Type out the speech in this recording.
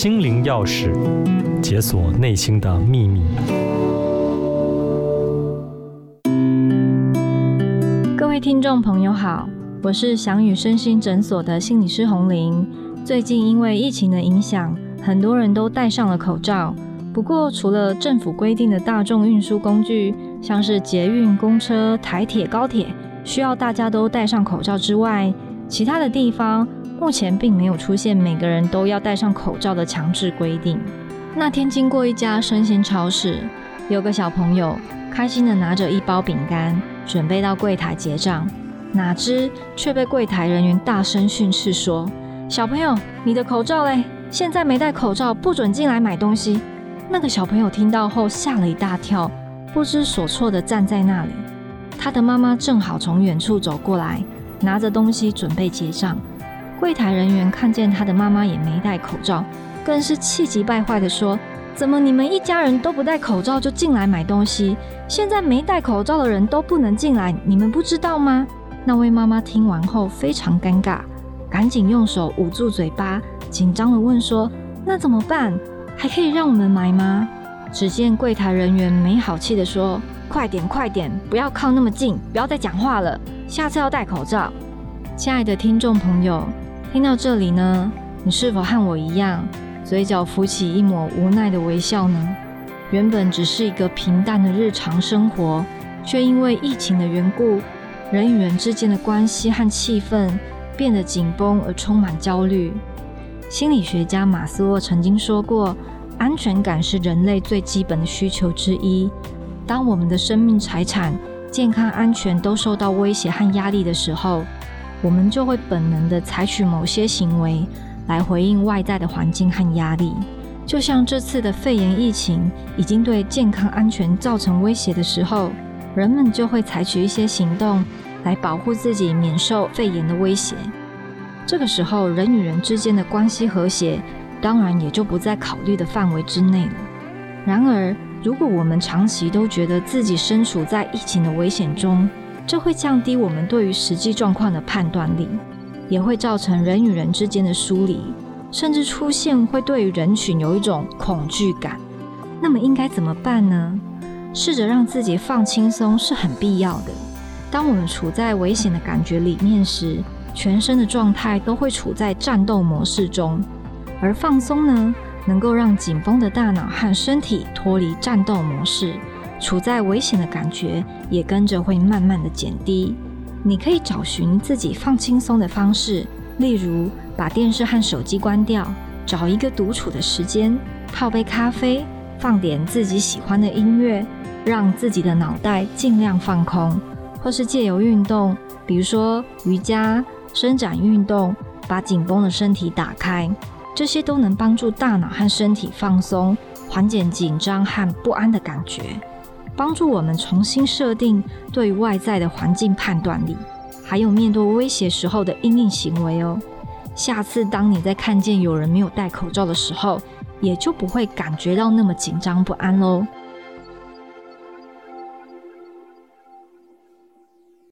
心靈鑰匙，解鎖內心的祕密。各位聽眾朋友好，我是翔宇身心診所的心理師洪玲。最近因為疫情的影響，很多人都戴上了口罩。不過，除了政府規定的大眾運輸工具，像是捷運、公車、台鐵、高鐵，需要大家都戴上口罩之外，其他的地方目前並沒有出現每個人都要戴上口罩的強制規定。那天經過一家生鮮超市，有個小朋友開心地拿着一包餅乾，準備到櫃台結賬，哪知卻被櫃台人員大聲訓斥說：“小朋友，你的口罩嘞？現在沒戴口罩不准進來買東西。”那個小朋友聽到後嚇了一大跳，不知所措地站在那裡。他的媽媽正好從遠處走過來。拿着東西準備結賬，櫃檯人員看見他的媽媽也沒戴口罩，更是氣急敗壞的說：“怎麼你們一家人都不戴口罩就進來買東西？現在沒戴口罩的人都不能進來，你們不知道嗎？”那位媽媽聽完後非常尷尬，趕緊用手捂住嘴巴，緊張的問說：“那怎麼辦？還可以讓我們買嗎？”只見櫃檯人員沒好氣的說：“快點快點，不要靠那麼近，不要再講話了。”下次要戴口罩，親愛的聽眾朋友，聽到這裡呢，你是否和我一樣，嘴角浮起一抹無奈的微笑呢？原本只是一個平淡的日常生活，卻因為疫情的緣故，人與人之間的關係和氣氛變得緊繃而充滿焦慮。心理學家馬斯洛曾經說過，安全感是人類最基本的需求之一。當我們的生命財產健康安全都受到威脅和壓力的時候，我們就會本能地採取某些行為來回應外在的環境和壓力。就像這次的肺炎疫情已經對健康安全造成威脅的時候，人們就會採取一些行動來保護自己免受肺炎的威脅。這個時候，人與人之間的關係和諧當然也就不在考慮的範圍之內了。然而，如果我們長期都覺得自己身處在疫情的危險中，這會降低我們對於實際狀況的判斷力，也會造成人與人之間的疏離，甚至出現會對於人群有一種恐懼感。那麼應該怎麼辦呢？試着讓自己放輕鬆是很必要的。當我們處在危險的感覺裡面時，全身的狀態都會處在戰鬥模式中，而放鬆呢？能夠讓緊繃的大腦和身體脫離戰鬥模式，處在危險的感覺也跟着會慢慢的減低。你可以找尋自己放輕鬆的方式，例如把電視和手機關掉，找一個獨處的時間，泡杯咖啡，放點自己喜歡的音樂，讓自己的腦袋盡量放空，或是借由運動，比如說瑜伽、伸展運動，把緊繃的身體打開。這些都能幫助大腦和身體放鬆，緩解緊張和不安的感覺，幫助我們重新設定對外在的環境判斷力，還有面對威脅時候的因應行為哦。下次當你在看見有人沒有戴口罩的時候，也就不會感覺到那麼緊張不安嘍。